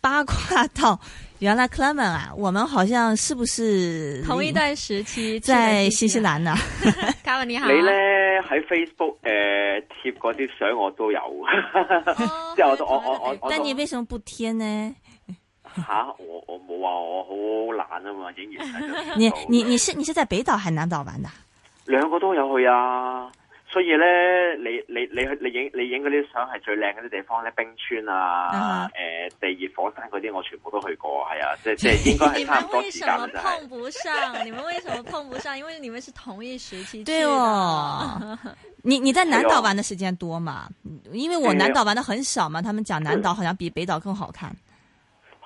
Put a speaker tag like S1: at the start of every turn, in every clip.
S1: 八卦到，原來 Clement 啊，我們好像是不是、啊、同一
S2: 段時期在新
S1: 西
S3: 蘭呢。Clement 你好， 你呢？喺 Facebook 誒貼嗰啲相我都有，即 係、哦、 我我我我。但你
S1: 為什麼不貼呢？
S3: 吓，我我冇啊，我好懶啊嘛，影完睇你
S1: 你你是你是在北島還南島玩的？
S3: 兩個都有去啊。所以咧，你你你去你影你影嗰啲相係最靚嗰啲地方咧，冰川啊，誒、啊呃，地熱火山嗰啲，我全部都去過，係啊， 即係應該係差唔多。你們為什麼碰不上？ 你們為什麼碰
S2: 不上？ 因為你們是同一時期去。對哦， 你
S1: 你在南島玩的時間多嘛、哦？因為我南島玩的很少嘛，他們講南島好像比北島更好看。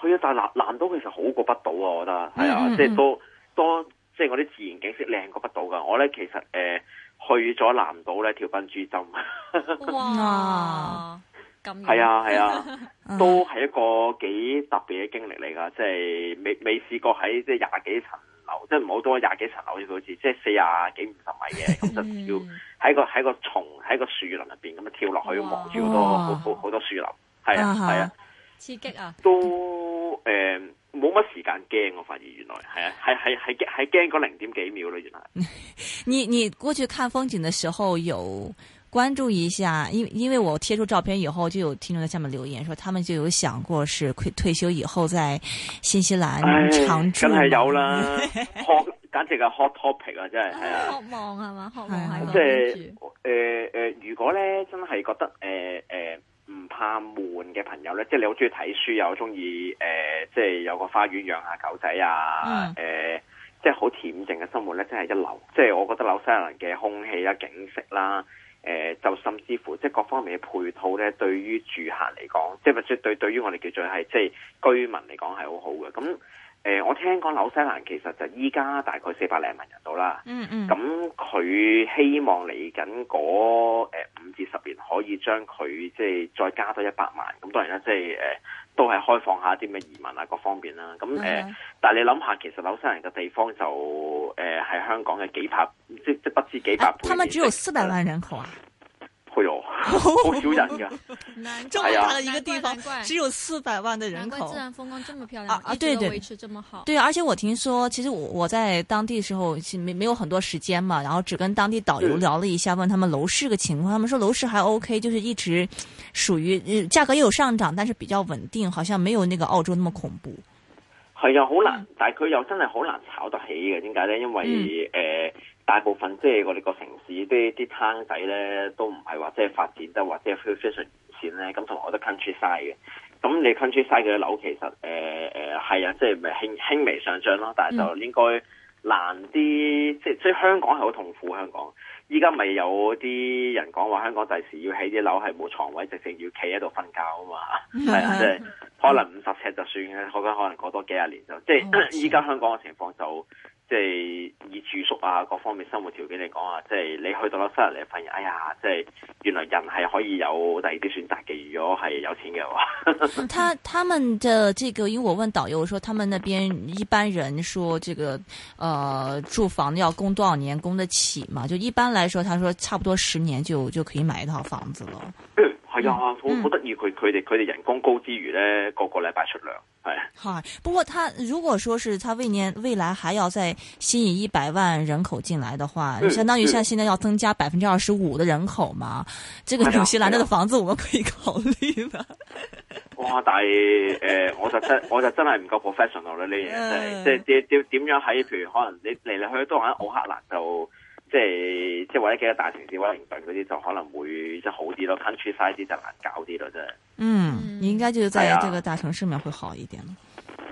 S3: 去啊，但南南島其實好過北島、啊，我覺得係啊，嗯嗯嗯即係多多即係我啲自然景色靚過北島噶。我咧其實誒。呃去咗南島咧，跳笨豬跳。哇！咁
S1: 係啊，係啊，
S3: 都係一個幾特別嘅經歷嚟噶，即係未未試過喺即係廿幾層樓，即係唔好多廿幾層樓，好似即係四廿幾五十米嘅咁，就跳喺個喺個松喺個樹林入邊咁啊跳落去，望住好多好好好多樹林，係啊係啊，
S2: 刺激啊！
S3: 都。冇乜時間驚，我發現原來係啊，係係係係驚嗰零點幾秒咯，原來。
S1: 你你過去看風景嘅時候，有關注一下，因因為我貼出照片以後，就有聽眾在下面留言，說他們就有想過是退退休以後在新西蘭長住。真、哎、係有啦
S3: h 簡直個 hot topic 啊，真係係 啊。渴望係嘛？渴
S2: 望係
S3: 嘛？即係誒誒，如果咧真係覺得誒誒。呃呃唔怕悶嘅朋友呢，即係你好中意睇書又好中意誒，即係有個花園養下狗仔啊，誒，即係好恬靜嘅生活呢，真係一流。即係我覺得紐西蘭嘅空氣啦、景色啦、誒，就甚至乎即係各方面嘅配套呢，對於住客嚟講，即係對對於我哋叫做係即係居民嚟講係好好嘅咁。誒、呃，我聽講紐西蘭其實就依家大概四百零萬人度啦。嗯嗯。咁佢希望嚟緊嗰誒五至十年可以將佢即係再加多一百萬。咁當然啦、就是，即係誒都係開放下啲咩移民啊，各方面啦。咁誒、呃嗯，但係你諗下，其實紐西蘭嘅地方就誒喺、呃、香港嘅幾百，即即不知幾百倍、啊。佢哋只
S1: 有四百萬人
S3: 口啊！會 有，好少人嘅，
S1: 難這麼大的一個地方，哎、只有四百萬的人口，難怪自然風光這麼漂亮，啊、一直都維持這麼好。對，對，對，對，而且我聽說，其實我我在當地的時候，其實沒沒有很多時間嘛，然後只跟當地導遊聊了一下，問他們樓市嘅情況，嗯，他們說樓市還 OK，就是一直屬於價格也有上漲，但是比較穩定，好像沒有那個澳洲那麼恐怖。
S3: 係、嗯、啊，好難，但佢又真係好難炒得起嘅，點解呢？因為、嗯呃大部分即係我哋個城市啲啲攤仔咧，都唔係話即係發展得或者非常完善咧。咁同埋我覺得 country side 嘅，咁你 country side 嘅樓其實誒誒係啊，即係咪輕輕微上漲咯？但係就應該難啲。即、嗯、即、就是、香港係好痛苦，香港依家咪有啲人講話香港第時要起啲樓係冇床位，直情要企喺度瞓覺啊嘛。係、嗯、啊，即係、就是、可能五十尺就算嘅後邊可能過多幾廿年就即係依家香港嘅情況就。即係以住宿啊各方面生活條件嚟講啊，即係你去到咗新西蘭發現，哎呀，即係原來人係可以有第二啲選擇嘅，如果係有錢嘅話。
S1: 他他們的這個，因為我問導遊，我說他們那邊一般人，說這個，呃，住房要供多少年供得起嘛？就一般來說，他說差不多十年就就可以買一套房子了。
S3: 係啊，好好得意佢佢哋佢哋人工高之餘咧，個個禮拜出糧係。
S1: 係不過，他如果說是他未年未來還要再吸引一百萬人口進來的話，嗯、相當於現在現在要增加百分之二十五的人口嘛？嗯、這個紐西蘭的房子我們可以考慮嗎、
S3: 嗯嗯嗯。哇！但係誒、呃，我就真我、嗯、就真係唔夠 professional 啦呢樣，即係即係點點點樣喺？譬如可能你嚟嚟去去都喺奧克蘭就。即係即係或者幾個大城市，威靈頓嗰啲就可能會即係好啲咯，country side 啲就難搞啲咯，真係。
S1: 嗯，嗯你應該就是在這個大城市面會好一點。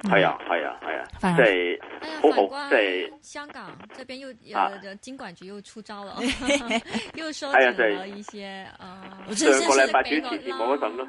S1: 係、嗯、啊，係啊，係啊，
S3: 即係、啊啊、好好，即係、
S2: 啊、香港這，邊又啊，金管局又出招
S1: 了，啊、又收緊了一些啊，
S3: uh, 上個禮拜主
S2: 持
S1: 節目嗰陣
S3: 咯。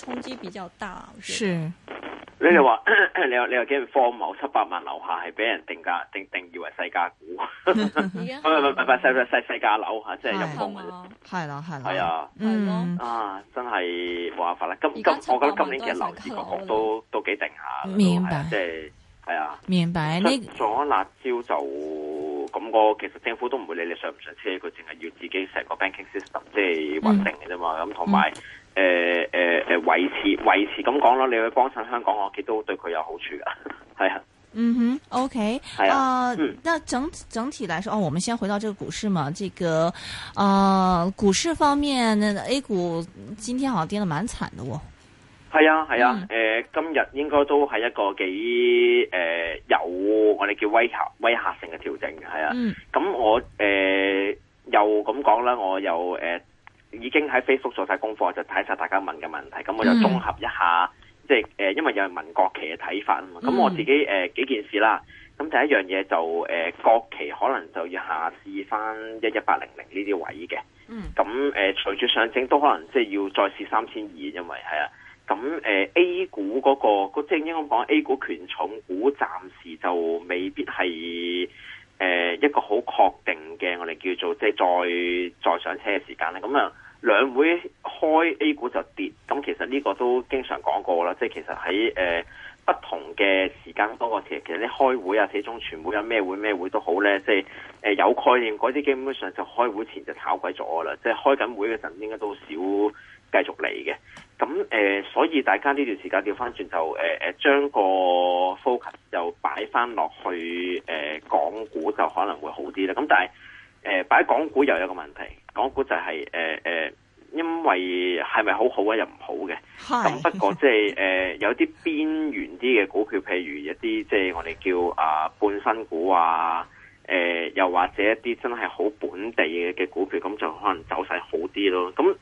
S3: 衝擊比較大，是。你哋話、嗯，你又你又見方某七百萬樓下係俾人定價定定義為世界股，唔係世世世界樓吓，即係有方文，
S1: 係啦係啦，係、就是、啊，係咯、
S3: 啊啊嗯，啊，真係冇辦法啦。今今我覺得今年嘅實樓市個局都都，都幾定下，明白，即係係啊，
S1: 明白。出
S3: 咗辣招就咁，我其實政府都唔會理你上唔上車，佢淨係要自己成個 banking system 即係穩定嘅啫嘛，咁、嗯、同埋、嗯。誒誒誒，維、呃呃、持維持咁講咯，你去幫襯香港，我亦都對佢有好處噶，係啊。
S1: 嗯哼，OK，係啊、呃嗯。那整整體來說，哦，我們先回到這個股市嘛。這個，啊、呃，股市方面，A 股今天好像跌得蠻慘的喎。
S3: 係、哦、啊，係啊。誒、嗯呃，今日應該都係一個幾誒有我哋叫威嚇威嚇性嘅調整嘅，係啊。咁、嗯、我誒、呃、又咁講啦，我又誒。呃已經喺 Facebook 做晒功課，就睇晒大家問嘅問題，咁我就綜合一下，mm. 即係誒、呃，因為有人問國企嘅睇法啊嘛，咁我自己誒、呃、幾件事啦，咁第一樣嘢就誒、呃、國企可能就要下試翻一一八零零呢啲位嘅，嗯、mm.，咁誒隨住上證都可能即係要再試三千二，因為係啊，咁誒、呃、A 股嗰、那個，即係應該講 A 股權重股暫時就未必係誒、呃、一個好確定嘅，我哋叫做即係再再上車嘅時間咧，咁啊。兩會開 A 股就跌，咁其實呢個都經常講過啦。即係其實喺誒、呃、不同嘅時間多個期，其實啲開會啊、四中全會呀、啊，咩會咩會都好咧。即係有概念嗰啲，基本上就開會前就炒鬼咗噶啦。即係開緊會嘅陣，應該都少繼續嚟嘅。咁誒、呃，所以大家呢段時間調翻轉就、呃、將個 focus 就擺翻落去港、呃、股，就可能會好啲啦。咁但係誒擺港股又有一個問題。港股就係誒誒，因為係咪好好啊又唔好嘅，
S1: 咁不過
S3: 即係誒有啲邊緣啲嘅股票，譬如一啲即係我哋叫啊半新股啊，誒、呃、又或者一啲真係好本地嘅嘅股票，咁就可能走勢好啲咯。咁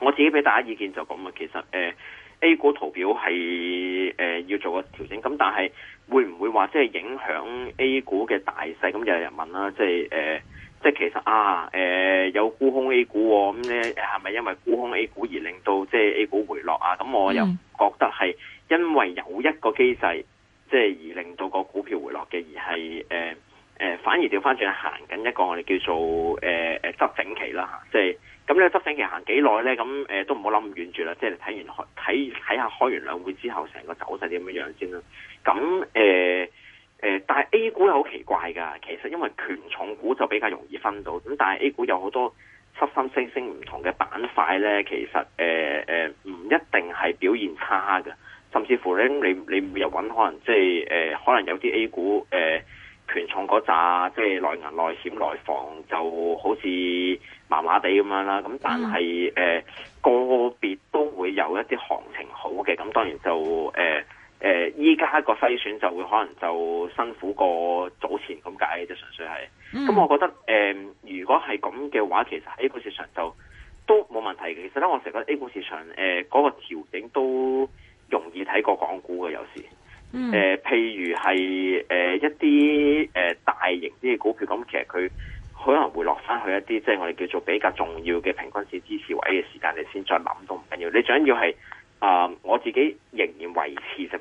S3: 我自己俾大家意見就咁啊，其實誒、呃、A 股圖表係誒要做個調整，咁但係會唔會話即係影響 A 股嘅大勢？咁又有人問啦、啊，即係誒。呃即係其實啊，誒、呃、有沽空 A 股咁咧，係咪因為沽空 A 股而令到即係 A 股回落啊？咁我又覺得係因為有一個機制，即係而令到個股票回落嘅，而係誒誒，反而調返轉行緊一個我哋叫做誒誒，執、呃、整期啦吓、啊。即係咁咧，執整期行幾耐咧？咁誒、呃、都唔好諗咁遠住啦。即係睇完開睇睇下開完兩會之後成個走勢點樣樣先啦。咁誒。呃誒、呃，但係 A 股又好奇怪㗎。其實因為權重股就比較容易分到，咁但係 A 股有好多濕濕星星唔同嘅板塊咧，其實誒誒唔一定係表現差嘅。甚至乎咧，你你又揾可能即係誒、呃，可能有啲 A 股誒權、呃、重嗰扎，即係內銀內險內房，就好似麻麻地咁樣啦。咁但係誒、呃、個別都會有一啲行情好嘅。咁當然就誒。呃誒、呃，依家個篩選就會可能就辛苦過早前咁解，就純粹係。咁我覺得誒、呃，如果係咁嘅話，其實 A 股市場就都冇問題嘅。其實咧，我成日覺得 A 股市場誒嗰、呃那個調整都容易睇過港股嘅，有時誒、呃，譬如係誒、呃、一啲誒、呃、大型啲嘅股票，咁、呃、其實佢可能會落翻去一啲，即、就、係、是、我哋叫做比較重要嘅平均市支持位嘅時間，你先再諗都唔緊要。你最緊要係啊、呃，我自己仍然維持。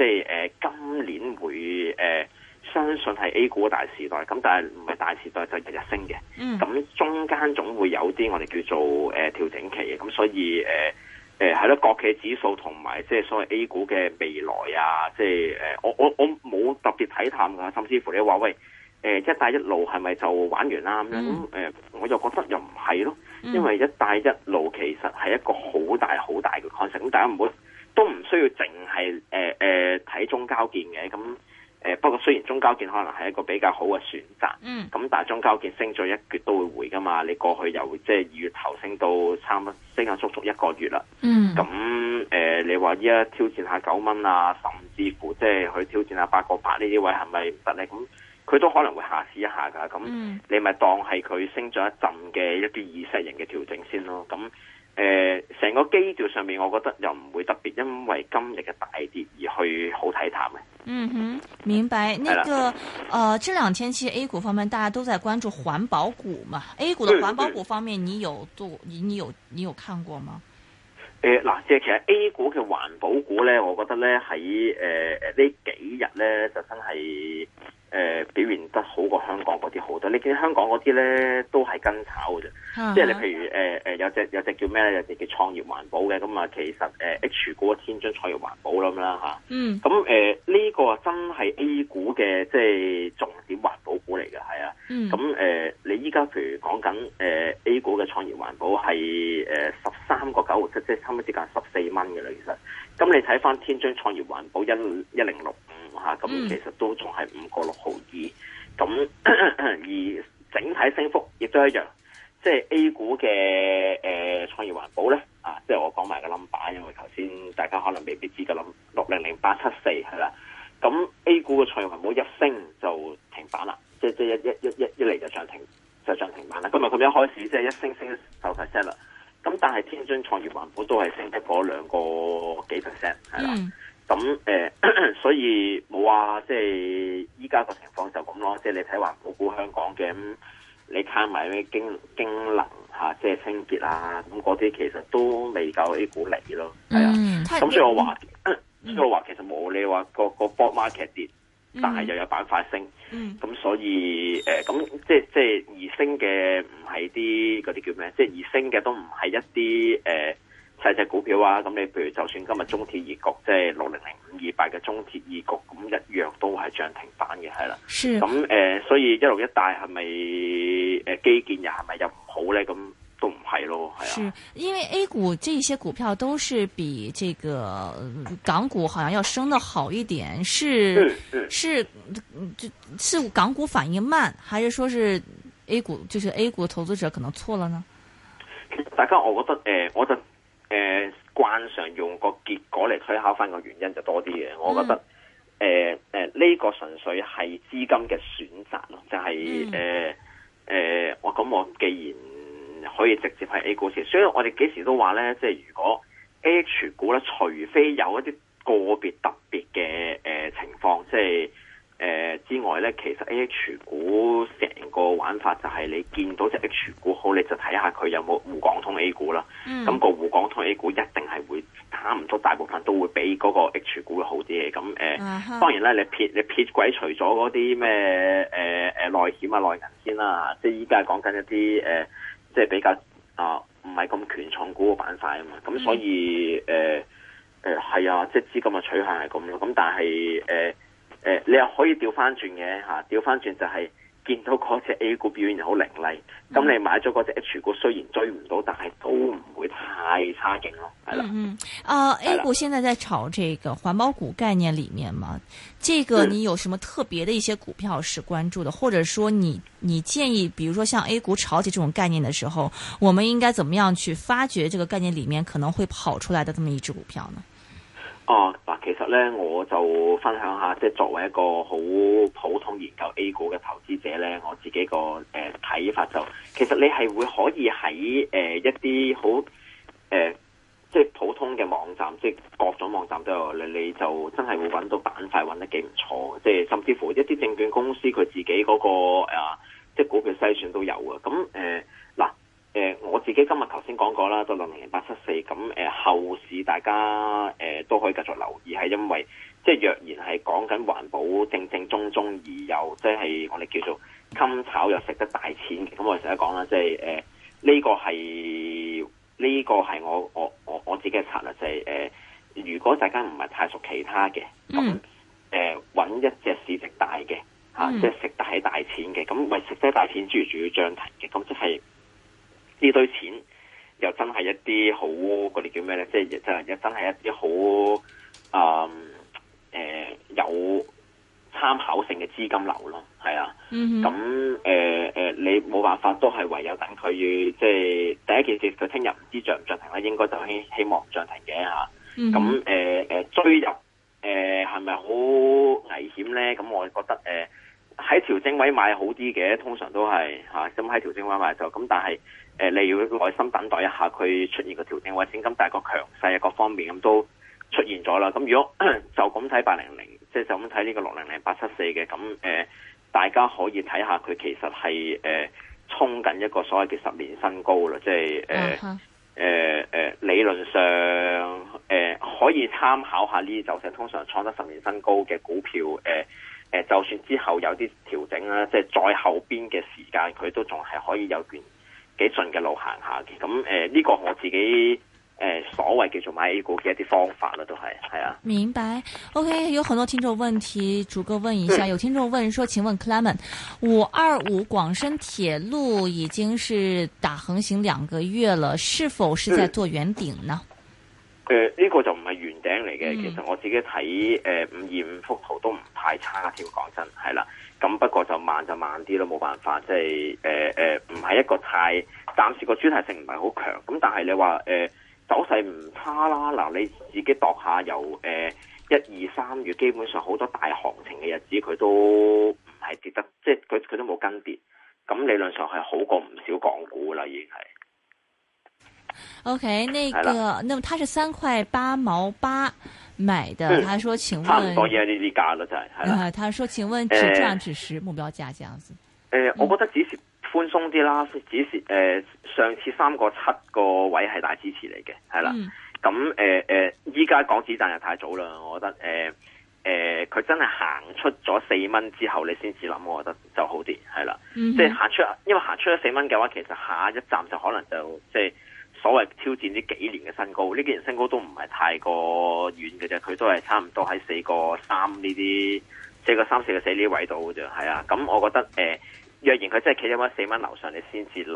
S3: 即係誒，今年會誒，相信係 A 股嘅大時代，咁但係唔係大時代就是、日日升嘅。咁、嗯、中間總會有啲我哋叫做誒調整期，嘅。咁所以誒誒係咯，國企指數同埋即係所謂 A 股嘅未來啊，即係誒，我我我冇特別睇探㗎，甚至乎你話喂，誒一帶一路係咪就玩完啦咁樣？誒、嗯，我又覺得又唔係咯，因為一帶一路其實係一個好大好大嘅 concept，咁大家唔好。都唔需要淨係誒誒睇中交建嘅，咁誒、呃、不過雖然中交建可能係一個比較好嘅選擇，嗯，咁但係中交建升咗一月都會回噶嘛，你過去由即係二月頭升到差唔多，升咗足足一個月啦，嗯，咁誒、呃、你話依家挑戰下九蚊啊，甚至乎即係去挑戰下八個八呢啲位係咪得咧？咁佢都可能會下試一下噶，咁、嗯、你咪當係佢升咗一陣嘅一啲意識型嘅調整先咯，咁。誒、呃，成個基調上面，我覺得又唔會特別因為今日嘅大跌而去好睇淡嘅。嗯
S1: 哼，明白。呢、那個誒、呃，這兩天其實 A 股方面大家都在關注環保股嘛，A 股的環保股方面你，你有做？你你有你有看過嗎？
S3: 誒、呃，嗱，即係其實 A 股嘅環保股咧，我覺得咧喺誒誒呢、呃、呢幾日咧就真係。誒、呃、表現得好過香港嗰啲好多，你見香港嗰啲咧都係跟炒嘅啫、嗯，即係你譬如誒、呃、有隻有隻叫咩咧有隻叫創業環保嘅，咁啊其實誒、呃、H 股天津創業環保咁啦、啊、嗯，咁誒呢個真係 A 股嘅即係重點環保股嚟嘅，係啊，咁、嗯、誒、呃、你依家譬如講緊誒 A 股嘅創業環保係誒十三個九毫即係差唔多接近十四蚊嘅啦，其實，咁你睇翻天津創業環保一一零六。吓，咁其實都仲係五個六毫二，咁而整體升幅亦都一樣，即係 A 股嘅誒，創業環保咧，啊，即係我講埋個 number，因為頭先大家可能未必知嘅 number 六零零八七四係啦，咁 A 股嘅創業環保一升就停板啦，即即一一一一一嚟就漲停就漲停板啦，今日咁樣開始即係一升升九 percent 啦，咁但係天津創業環保都係升得過兩個幾 percent 係啦。咁誒、呃，所以冇啊！即係依家個情況就咁咯，即、就、係、是、你睇話冇估香港嘅咁，你睇埋咩京京能嚇，即、啊、係清潔啊，咁嗰啲其實都未夠呢股力咯，係啊！咁、嗯、所以我話、嗯，所以我話其實冇你話個個 board market 跌，但係又有板塊升，咁、嗯、所以誒，咁即即係二升嘅唔係啲嗰啲叫咩？即係二升嘅都唔係一啲誒。呃細隻股票啊，咁你譬如就算今日中鐵二局即係六零零五二八嘅中鐵二局，咁一樣都係漲停板嘅，係啦。咁誒、呃，所以一路一帶係咪誒基建又係咪又唔好咧？咁都唔係咯，係啊。
S1: 是因為 A 股這些股票都是比這個港股好像要升得好一點，是是、嗯嗯、是，是港股反應慢，還是說是 A 股？就是 A 股投資者可能錯了呢？
S3: 大家我覺得誒、呃，我就。誒、呃，慣常用個結果嚟推敲翻個原因就多啲嘅，我覺得誒誒呢個純粹係資金嘅選擇咯，就係誒誒我咁我既然可以直接係 A 股市，所以我哋幾時都話咧，即係如果 A 股咧，除非有一啲個別特別嘅誒、呃、情況，即係。之外咧，其實 H 股成個玩法就係你見到隻 H 股好，你就睇下佢有冇滬港通 A 股啦。咁、嗯、個滬港通 A 股一定係會差唔多，大部分都會比嗰個 H 股好啲嘅。咁誒、呃嗯，當然啦，你撇你撇鬼除咗嗰啲咩誒誒內險啊內銀先啦、啊，即係依家講緊一啲誒、呃，即係比較啊唔係咁權重股嘅板塊啊嘛。咁所以誒誒係啊，即係資金嘅取向係咁咯。咁但係誒。呃誒、呃，你又可以調翻轉嘅吓，調翻轉就係見到嗰隻 A 股表現好凌厲，咁你買咗嗰隻 H 股，雖然追唔到，嗯、但係都唔會太差勁咯。係、嗯、啦，嗯嗯，
S1: 啊，A 股現在在炒這個環保股概念裏面嘛，這個你有什麼特別的一些股票是關注的？或者說你，你你建議，比如說像 A 股炒起這種概念的時候，我們應該怎麼樣去發掘這個概念裏面可能會跑出來的這麼一隻股票呢？
S3: 哦，嗱，其實咧，我就分享下，即係作為一個好普通研究 A 股嘅投資者咧，我自己個誒睇法就，其實你係會可以喺誒、呃、一啲好誒即係普通嘅網站，即係各種網站都有，你你就真係會揾到板塊揾得幾唔錯，即係甚至乎一啲證券公司佢自己嗰、嗰個誒、呃、即係股票篩選都有嘅。咁誒，嗱、呃，誒、呃呃，我自己今日頭先講過啦，就六零零八七四，咁、呃、誒後。大家誒、呃、都可以繼續留意，係因為即係、就是、若然係講緊環保正正宗宗，而又即係我哋叫做襟炒又食得大錢嘅。咁我成日講啦，即係誒呢個係呢、這個係我我我我自己嘅策略，就係、是、誒、呃、如果大家唔係太熟其他嘅，誒、嗯、揾、呃、一隻市值大嘅嚇、啊嗯，即係食得係大錢嘅，咁為食得大錢諸如主要漲停嘅，咁即係呢堆錢。又真係一啲好嗰啲叫咩咧？即係真係一真係一啲好啊誒有參考性嘅資金流咯，係啊。咁、mm、誒 -hmm. 呃呃、你冇辦法都係唯有等佢，即係第一件事，佢聽日唔知漲唔漲停咧，應該就希希望漲停嘅嚇。咁、mm -hmm. 呃、追入誒係咪好危險咧？咁我覺得、呃喺調整位買好啲嘅，通常都係嚇，咁、啊、喺調整位買就咁。但係、呃、你要耐心等待一下佢出現個調整位，先咁，大個強勢啊，各方面咁都出現咗啦。咁、嗯、如果就咁睇八零零，即係就咁睇呢個六零零八七四嘅咁大家可以睇下佢其實係誒緊一個所謂嘅十年新高啦，即係、呃 uh -huh. 呃呃、理論上、呃、可以參考下呢啲就係、是、通常創得十年新高嘅股票、呃誒、呃，就算之後有啲調整啦，即係再後邊嘅時間，佢都仲係可以有段幾順嘅路行下嘅。咁、嗯、誒、呢、呃這個我自己誒、呃、所謂叫做買 A 股嘅一啲方法啦，都係係啊。
S1: 明白。OK，有很多聽眾問題，逐個問一下。嗯、有聽眾問說：請問 Clement 五二五廣深鐵路已經是打橫行兩個月了，是否是在做圓頂呢？誒、嗯、
S3: 呢、呃這個就唔係圓頂嚟嘅。其實我自己睇誒五二五幅圖都唔太差添，講真係啦。咁不過就慢就慢啲咯，冇辦法，即係誒誒，唔、呃、係、呃、一個太暫時個主題性唔係好強。咁但係你話誒、呃、走勢唔差啦，嗱你自己度下有誒一、二、呃、三月基本上好多大行情嘅日子，佢都唔係跌得，即係佢佢都冇跟跌。咁理論上係好過唔少港股啦，已經係。
S1: O.K. 那個，那麼他是三塊八毛八買的，嗯、他說，請問，
S3: 呢啲價就係，係啦，
S1: 他說，請問止賺止蝕目標價，這樣子。
S3: 誒、呃呃，我覺得止蝕寬鬆啲啦，止蝕誒，上次三個七個位係大支持嚟嘅，係啦，咁誒誒，依家講止賺又太早啦，我覺得，誒、呃、誒，佢、呃、真係行出咗四蚊之後，你先至諗，我覺得就好啲，係啦，即係行出，因為行出咗四蚊嘅話，其實下一站就可能就即係。所謂挑戰呢幾年嘅新高，呢幾年新高都唔係太過遠嘅啫，佢都係差唔多喺四個三呢啲，即係個三四個四呢位度嘅啫。係啊，咁我覺得誒，若然佢真係企咗喺四蚊樓上，你先至諗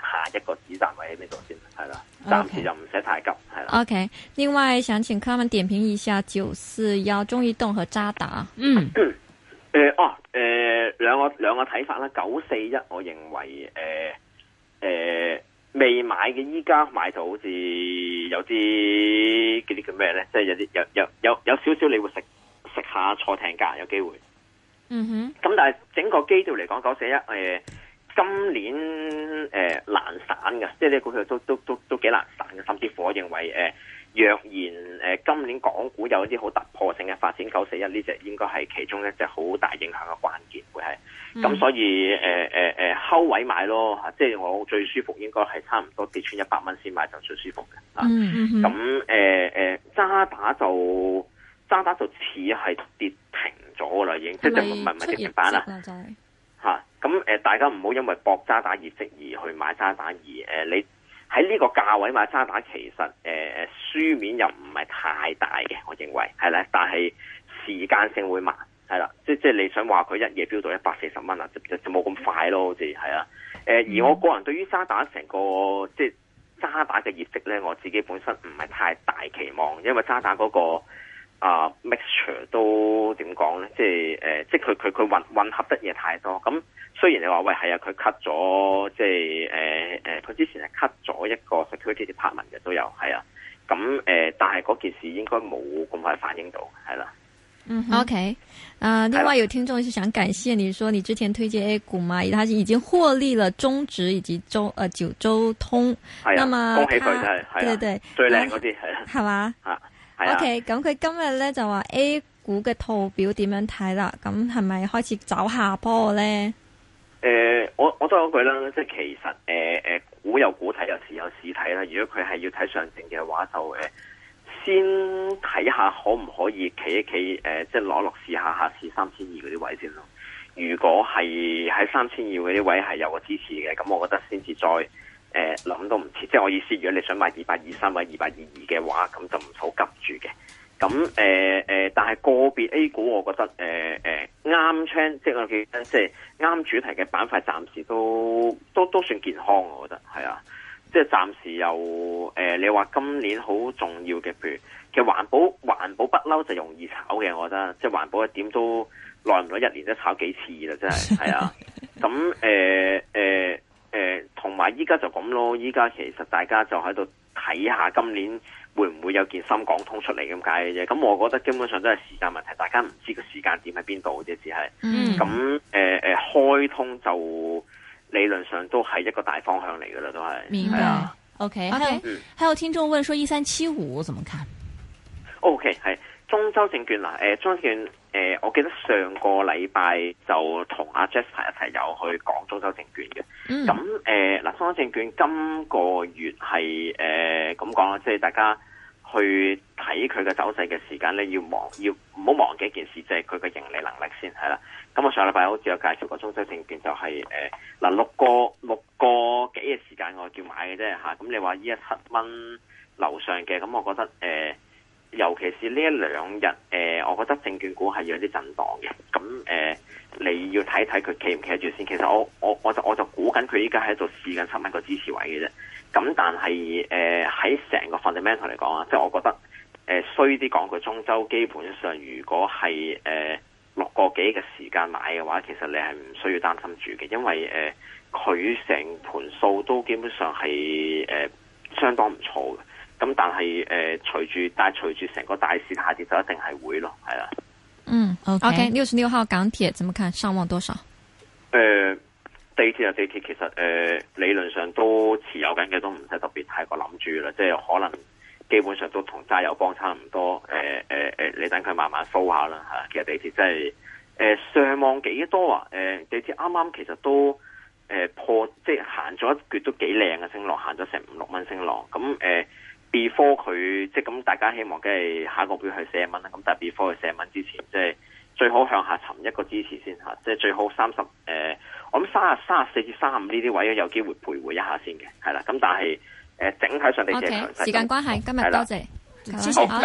S3: 下一個指責位喺邊度先。係啦，暫時就唔使太急。係啦。OK,
S2: okay。另外，想請卡文點評一下九四一中移動和渣打。嗯。
S3: 誒哦誒，兩個兩個睇法啦。九四一，我認為誒誒。未買嘅依家買到好似有啲啲叫咩咧？即係有啲有有有有少少，你會食食下坐艇價有機會。嗯
S1: 哼。
S3: 咁但係整個基調嚟講，九四一誒今年誒、呃、難散嘅，即係啲股票都都都都，都幾難散嘅，甚至乎我認為誒。呃若然誒、呃、今年港股有一啲好突破性嘅發展，九四一呢隻應該係其中一隻好大影響嘅關鍵會，會係咁所以誒誒誒候位買咯嚇，即係我最舒服應該係差唔多跌穿一百蚊先買就最舒服嘅啊。咁誒誒渣打就渣打就似係跌停咗啦，已經是是即係唔係唔係跌停板啊？嚇、呃！咁誒大家唔好因為搏渣打業績而去買渣打，而誒、呃、你。喺呢個價位買渣打，其實誒誒、呃、書面又唔係太大嘅，我認為係咧。但係時間性會慢，係啦，即即係你想話佢一夜飆到一百四十蚊啊，就就冇咁快咯，好似係啊。誒、呃，而我個人對於渣打成個即係渣打嘅業績咧，我自己本身唔係太大期望，因為渣打嗰、那個。啊、uh, mixture 都點講咧？即係誒、呃，即係佢佢佢混混合得嘢太多。咁雖然你話喂係啊，佢 cut 咗，即係誒誒，佢、呃、之前係 cut 咗一個 security department 嘅都有，係啊。咁誒、呃，但係嗰件事應該冇咁快反映到，係啦、
S2: 啊。嗯，OK、uh,。啊，另外有聽眾是想感謝你，說你之前推薦 A 股嘛，他已經獲利了中值以及周誒九州通。係啊那麼，恭喜佢、就是，係係對最靚嗰啲係啊，係嘛、uh, 啊。O K，咁佢今日咧就話 A 股嘅圖表點樣睇啦？咁係咪開始走下坡咧？
S3: 誒、嗯呃，我我都有句啦，即係其實誒誒，股、呃、有股睇，有市有市睇啦。如果佢係要睇上證嘅話，就誒先睇下可唔可以企一企誒，即係攞落試下下市三千二嗰啲位先咯。如果係喺三千二嗰啲位係有個支持嘅，咁我覺得先至再。誒，諗都唔切，即係我意思，如果你想買二百二三或者二百二二嘅話，咁就唔好急住嘅。咁誒誒，但係個別 A 股，我覺得誒誒啱即係我哋即係啱主題嘅板塊，暫時都都都算健康，我覺得係啊。即係暫時又誒、呃，你話今年好重要嘅，譬如其實環保環保不嬲，就容易炒嘅，我覺得。即係環保一點都耐唔耐一年都炒幾次啦，真係係啊。咁誒誒。呃呃依家就咁咯，依家其實大家就喺度睇下今年會唔會有件深港通出嚟，咁解嘅啫。咁我覺得基本上都係時間問題，大家唔知個時間點喺邊度嘅啫，只係。嗯。咁誒誒，開通就理論上都係一個大方向嚟噶啦，都係。明白。啊、OK，ok、okay,
S1: okay，嗯，還有，還有聽眾問說一三七五怎麼看
S3: ？OK，係中州證券啦，誒、呃，中州誒、呃，我記得上個禮拜就同阿 Jasper 一齊有去講中州證券嘅。咁誒嗱，中資證券今個月係誒咁講啦，即、呃、係、就係、大家去睇佢嘅走勢嘅時間咧，要忘要唔好忘記一件事，就係佢嘅盈利能力先係啦。咁我上禮拜好似有介紹過中西證券，就係誒嗱六個六個幾嘅時間我叫買嘅啫嚇。咁你話依一七蚊樓上嘅，咁我覺得誒。呃尤其是呢一兩日，誒、呃，我覺得證券股係有啲震盪嘅。咁誒、呃，你要睇睇佢企唔企得住先。其實我我我就我就估緊佢依家喺度試緊十蚊個支持位嘅啫。咁但係誒，喺、呃、成個 fundamental 嚟講啊，即係我覺得誒衰啲講，句、呃，中洲基本上如果係誒六個幾嘅時間買嘅話，其實你係唔需要擔心住嘅，因為誒佢成盤數都基本上係誒、呃、相當唔錯嘅。咁但係誒、呃，隨住但係隨住成個大市下跌，就一定係會咯，係啦。
S2: 嗯，O K。六十六號港鐵，怎麼看上望多少？
S3: 誒、呃，地鐵啊，地鐵其實誒、呃，理論上都持有緊嘅，都唔使特別太過諗住啦。即係可能基本上都同渣油幫差唔多。誒誒誒，你等佢慢慢收下啦吓。其實地鐵真係誒、呃、上望幾多，多啊？誒、呃，地鐵啱啱其實都誒、呃、破，即係行咗一橛都幾靚嘅升浪，行咗成五六蚊升浪。咁、嗯、誒。呃 before 佢，即係咁，大家希望梗係下一個目標係四十蚊啦。咁但係 before 四十蚊之前，即係最好向下尋一個支持先吓，即係最好三十誒，我諗三十三十四至三十五呢啲位有機會徘徊一下先嘅，係啦。咁但係誒，整體上你係強勢。時間關係，今日多謝，
S1: 謝，